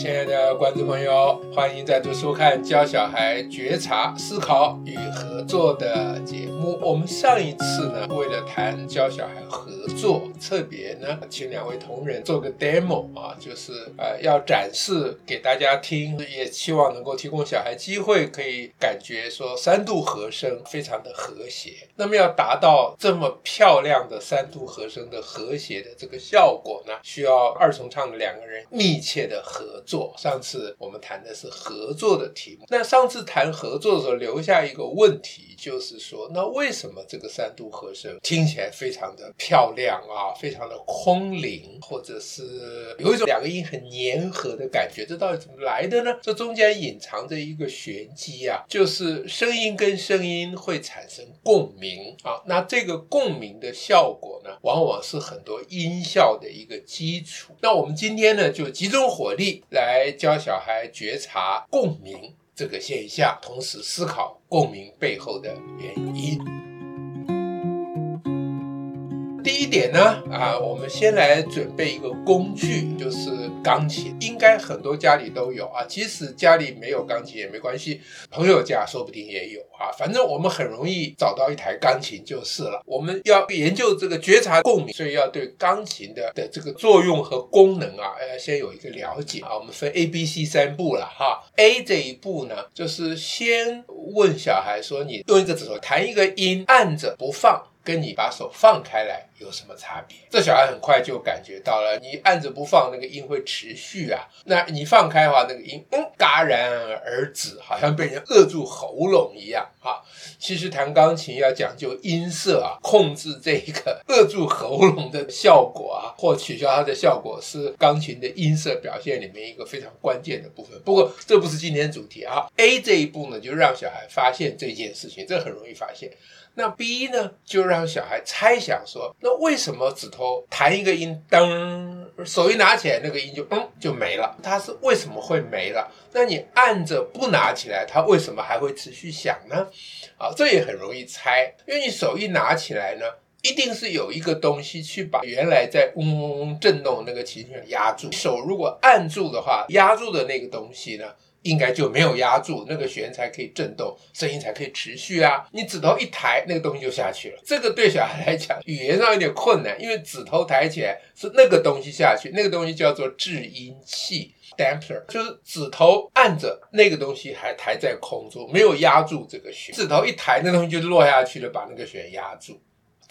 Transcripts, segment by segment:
親愛的觀眾朋友，歡迎再度收看《教小孩覺察、思考與合作》的節目。我們上一次呢，為了談教小孩合作，特別呢，請兩位同仁做個 demo 啊，就是呃要展示給大家聽，也希望能夠提供小孩機會，可以感覺說三度和聲非常的和諧。那麼要達到這麼漂亮的三度和聲的和諧的這個效果呢，需要二重唱的兩個人密切的合作。上次我們談的是合作的題目，那上次談合作的時候留下一個問題，就是說那為什麼這個三度和聲聽起來非常的漂亮啊？非常的空靈，或者是有一種兩個音很粘合的感覺，這到底怎麼來的呢？這中間隱藏着一個玄機啊，就是聲音跟聲音會產生共鳴啊。那這個共鳴的效果呢，往往是很多音效的一個基礎。那我們今天呢，就集中火力來教小孩覺察共鳴這個現象，同時思考共鳴背後的原因。第一點呢，啊，我們先來準備一個工具，就是鋼琴，應該很多家裡都有啊。即使家裡沒有鋼琴也沒關係，朋友家說不定也有啊。反正我們很容易找到一台鋼琴就是了。我們要研究這個覺察共鳴，所以要對鋼琴的的這個作用和功能啊，要、呃、先有一個了解啊。我們分 A、B、C 三步了哈。A 這一步呢，就是先問小孩說，你用一個指頭彈一個音，按着不放。跟你把手放開來有什麼差別？這小孩很快就感覺到了，你按着不放，那個音會持續啊。那你放開的話，那個音，嗯，戛然而止，好像被人扼住喉嚨一樣啊。其實彈鋼琴要講究音色啊，控制這一個扼住喉嚨的效果啊，或取消它的效果，是鋼琴的音色表現裡面一個非常關鍵的部分。不過這不是今天主題啊。A 這一步呢，就讓小孩發現這件事情，這很容易發現。那 B 呢？就讓小孩猜想說，那為什麼指頭彈一個音噔，手一拿起來，那個音就嗯，就沒了。它是為什麼會沒了？那你按着不拿起來，它為什麼還會持續響呢？啊、哦，這也很容易猜，因為你手一拿起來呢，一定是有一個東西去把原來在嗡嗡嗡震動那個琴弦壓住。手如果按住的話，壓住的那個東西呢？應該就沒有壓住那個弦，才可以震動，聲音才可以持續啊！你指頭一抬，那個東西就下去了。這個對小孩來講，語言上有點困難，因為指頭抬起來是那個東西下去，那個東西叫做制音器 （damper），就是指頭按着那個東西，還抬在空中，沒有壓住這個弦。指頭一抬，那東西就落下去了，把那個弦壓住。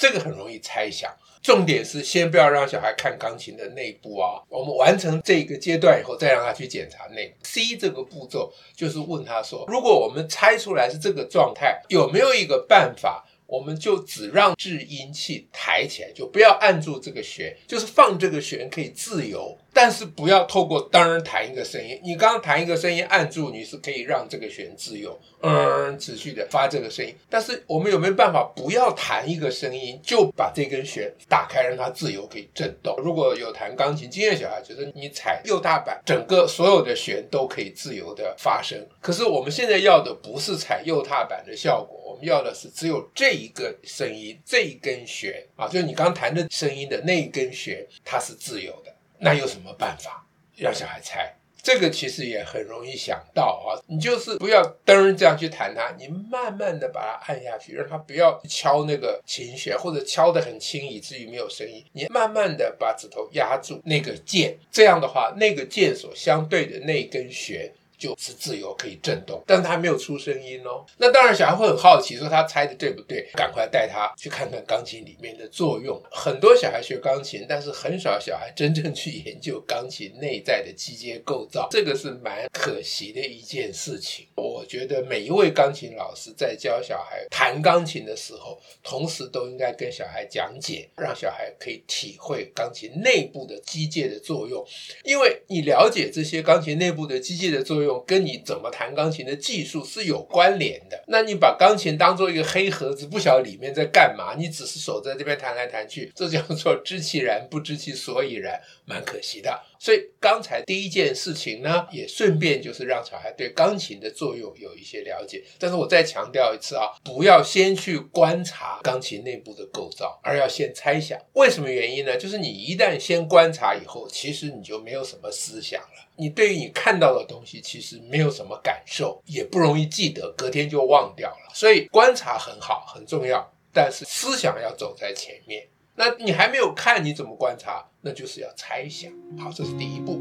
這個很容易猜想，重點是先不要讓小孩看鋼琴的內部啊。我們完成這個階段以後，再讓他去檢查內部。C 這個步驟就是問他說：如果我們猜出來是這個狀態，有沒有一個辦法，我們就只讓制音器抬起來，就不要按住這個弦？就是放這個弦可以自由。但是不要透過噔彈一個聲音，你剛剛彈一個聲音按住，你是可以讓這個弦自由，嗯、呃，持續的發這個聲音。但是我們有沒有辦法不要彈一個聲音，就把這根弦打開，讓它自由可以震動？如果有彈鋼琴經驗，小孩覺得你踩右踏板，整個所有的弦都可以自由的發聲。可是我們現在要的不是踩右踏板的效果，我們要的是只有這一個聲音，這一根弦啊，就是你剛彈的聲音的那一根弦，它是自由的。那有什麼辦法讓小孩猜？這個其實也很容易想到啊，你就是不要噔這樣去彈它，你慢慢的把它按下去，讓它不要敲那個琴弦，或者敲得很輕，以至於沒有聲音。你慢慢的把指頭壓住那個鍵，這樣的話，那個鍵所相對的那根弦，就是自由可以震動，但是它沒有出聲音哦。那當然，小孩會很好奇，說他猜的對不對？趕快帶他去看看鋼琴裡面的作用。很多小孩學鋼琴，但是很少小孩真正去研究鋼琴內在的機械構造，這個是蠻可惜的一件事情。我覺得每一位鋼琴老師在教小孩彈鋼琴的時候，同時都應該跟小孩講解，讓小孩可以體會鋼琴內部的機械的作用，因為你了解這些鋼琴內部的機械的作用。跟你怎麼彈鋼琴的技術是有關聯的。那你把鋼琴當做一個黑盒子，不曉得裡面在幹嘛，你只是守在這邊彈來彈去，這叫做知其然不知其所以然，蠻可惜的。所以，剛才第一件事情呢，也順便就是讓小孩對鋼琴的作用有一些了解。但是我再強調一次啊，不要先去觀察鋼琴內部的構造，而要先猜想為什麼原因呢？就是你一旦先觀察以後，其實你就沒有什麼思想了。你對於你看到的東西其實沒有什麼感受，也不容易記得，隔天就忘掉了。所以觀察很好，很重要，但是思想要走在前面。那你還沒有看，你怎麼觀察？那就是要猜想。好，這是第一步。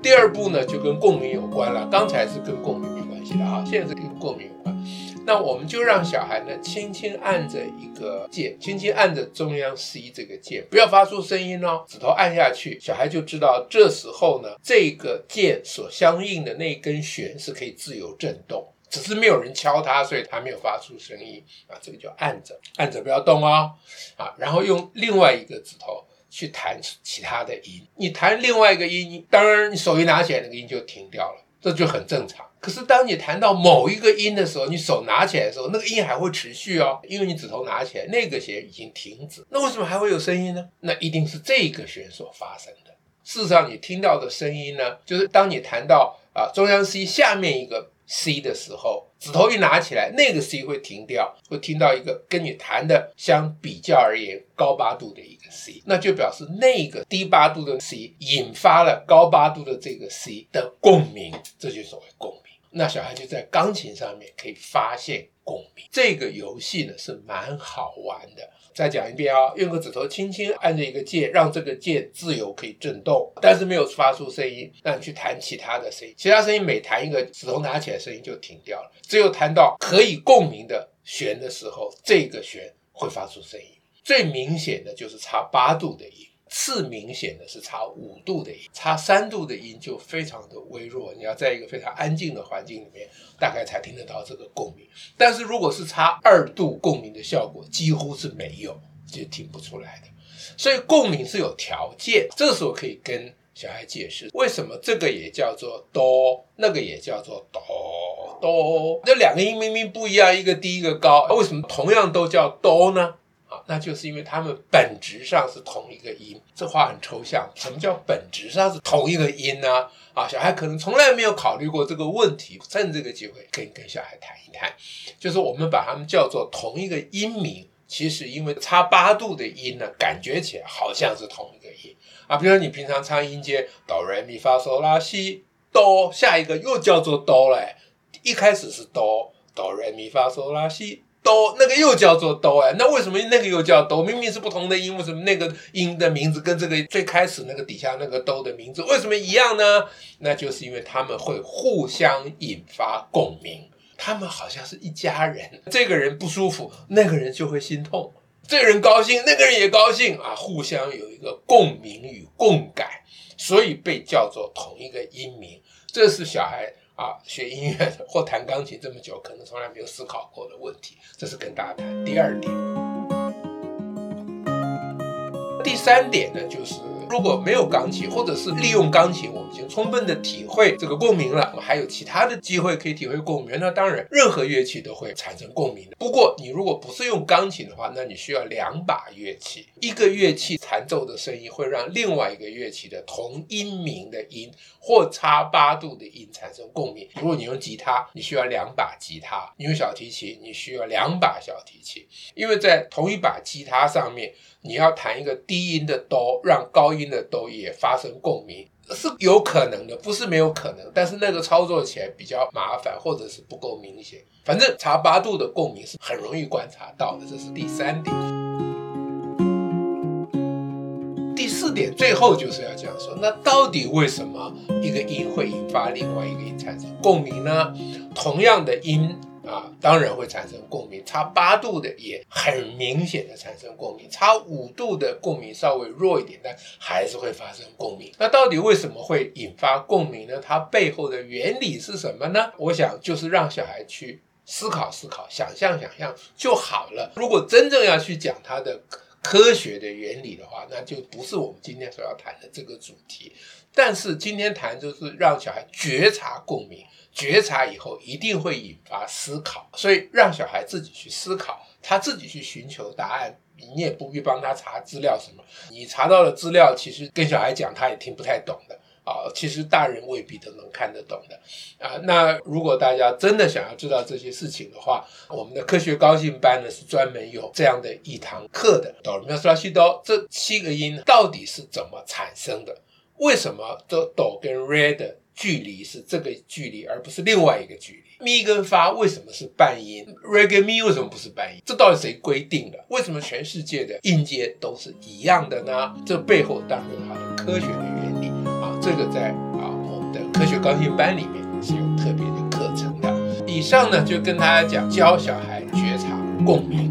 第二步呢，就跟共鳴有關了。剛才是跟共鳴沒關係的哈，現在是跟共鳴有關。那我們就讓小孩呢，輕輕按着一個鍵，輕輕按着中央 C 這個鍵，不要發出聲音哦，指頭按下去，小孩就知道這時候呢，這個鍵所相應的那根弦，是可以自由振動。只是沒有人敲它，所以它沒有發出聲音啊。這個就按着，按着不要動哦，啊，然後用另外一個指頭去彈其他的音。你彈另外一個音，當然你手一拿起來，那個音就停掉了，這就很正常。可是當你彈到某一個音的時候，你手拿起來的時候，那個音還會持續哦，因為你指頭拿起來，那個弦已經停止。那為什麼還會有聲音呢？那一定是這個弦所發生的。事實上，你聽到的聲音呢，就是當你彈到啊中央 C 下面一個。C 的時候，指頭一拿起來，那個 C 會停掉，會聽到一個跟你彈的相比較而言高八度的一個 C，那就表示那個低八度的 C 引發了高八度的這個 C 的共鳴，這就是所謂共鳴。那小孩就在鋼琴上面可以發現共鳴，這個遊戲呢是蠻好玩的。再講一遍哦，用個指頭輕輕按着一個鍵，讓這個鍵自由可以震動，但是沒有發出聲音。那你去彈其他的聲音，其他聲音每彈一個指頭拿起來，聲音就停掉了。只有彈到可以共鳴的弦的時候，這個弦會發出聲音。最明顯的就是差八度的音。次明顯的是差五度的音，差三度的音就非常的微弱。你要在一個非常安靜的環境裡面，大概才聽得到這個共鳴。但是如果是差二度共鳴的效果，幾乎是沒有，就聽不出來的。所以共鳴是有條件。這個時候可以跟小孩解釋為什麼這個也叫做哆，那個也叫做哆哆。這兩個音明明不一樣，一個低一個高，為什麼同樣都叫哆呢？啊，那就是因為他們本質上是同一個音，這話很抽象。什麼叫本質上是同一個音呢、啊？啊，小孩可能從來沒有考慮過這個問題，趁這個機會可以跟跟小孩談一談。就是我們把它們叫做同一個音名，其實因為差八度的音呢，感覺起來好像是同一個音啊。比如說你平常唱音階哆來咪發嗦啦西哆，下一個又叫做哆咧，一開始是哆哆來咪發嗦啦西。都，那個又叫做都哎，那為什麼那個又叫都？明明是不同的音，為什麼那個音的名字跟這個最開始那個底下那個都的名字為什麼一樣呢？那就是因為他們會互相引發共鳴，他們好像是一家人。這個人不舒服，那個人就會心痛；這個人高興，那個人也高興啊，互相有一個共鳴與共感，所以被叫做同一個音名。這是小孩。啊，學音樂的或彈鋼琴這麼久，可能從來沒有思考過的問題，這是跟大家談第二點。第三點呢，就是。如果沒有鋼琴，或者是利用鋼琴，我們已經充分的體會這個共鳴了。我們還有其他的機會可以體會共鳴。那當然，任何樂器都會產生共鳴。不過，你如果不是用鋼琴的話，那你需要兩把樂器，一個樂器彈奏的聲音會讓另外一個樂器的同音名的音或差八度的音產生共鳴。如果你用吉他，你需要兩把吉他；你用小提琴，你需要兩把小提琴，因為在同一把吉他上面。你要彈一個低音的哆，讓高音的哆也發生共鳴，是有可能的，不是沒有可能。但是那個操作起來比較麻煩，或者是不夠明顯。反正差八度的共鳴是很容易觀察到的，這是第三點。嗯。第四點，最後就是要這樣說：那到底為什麼一個音會引發另外一個音產生共鳴呢？同樣的音。啊，當然會產生共鳴，差八度的也很明顯的產生共鳴，差五度的共鳴稍微弱一點，但還是會發生共鳴。那到底為什麼會引發共鳴呢？它背後的原理是什麼呢？我想就是讓小孩去思考思考，想象想象就好了。如果真正要去講它的科學的原理的話，那就不是我們今天所要談的這個主題。但是今天談，就是讓小孩覺察共鳴，覺察以後一定會引發思考，所以讓小孩自己去思考，他自己去尋求答案，你也不必幫他查資料什麼。你查到的資料其實跟小孩講他也聽不太懂的啊、哦，其實大人未必都能看得懂的啊。那如果大家真的想要知道這些事情的話，我們的科學高興班呢是專門有這樣的一堂課的。哆唻咪發梭拉西哆，這七個音到底是怎麼產生的？為什麼這哆跟 re 的距離是這個距離，而不是另外一個距離？mi 跟 fa 為什麼是半音？re 跟 mi 為什麼不是半音？這到底誰規定的？為什麼全世界的音階都是一樣的呢？這背後當然有它的科學的原理啊！這個在啊我們的科學高級班裡面是有特別的課程的。以上呢就跟大家講，教小孩覺察共鳴。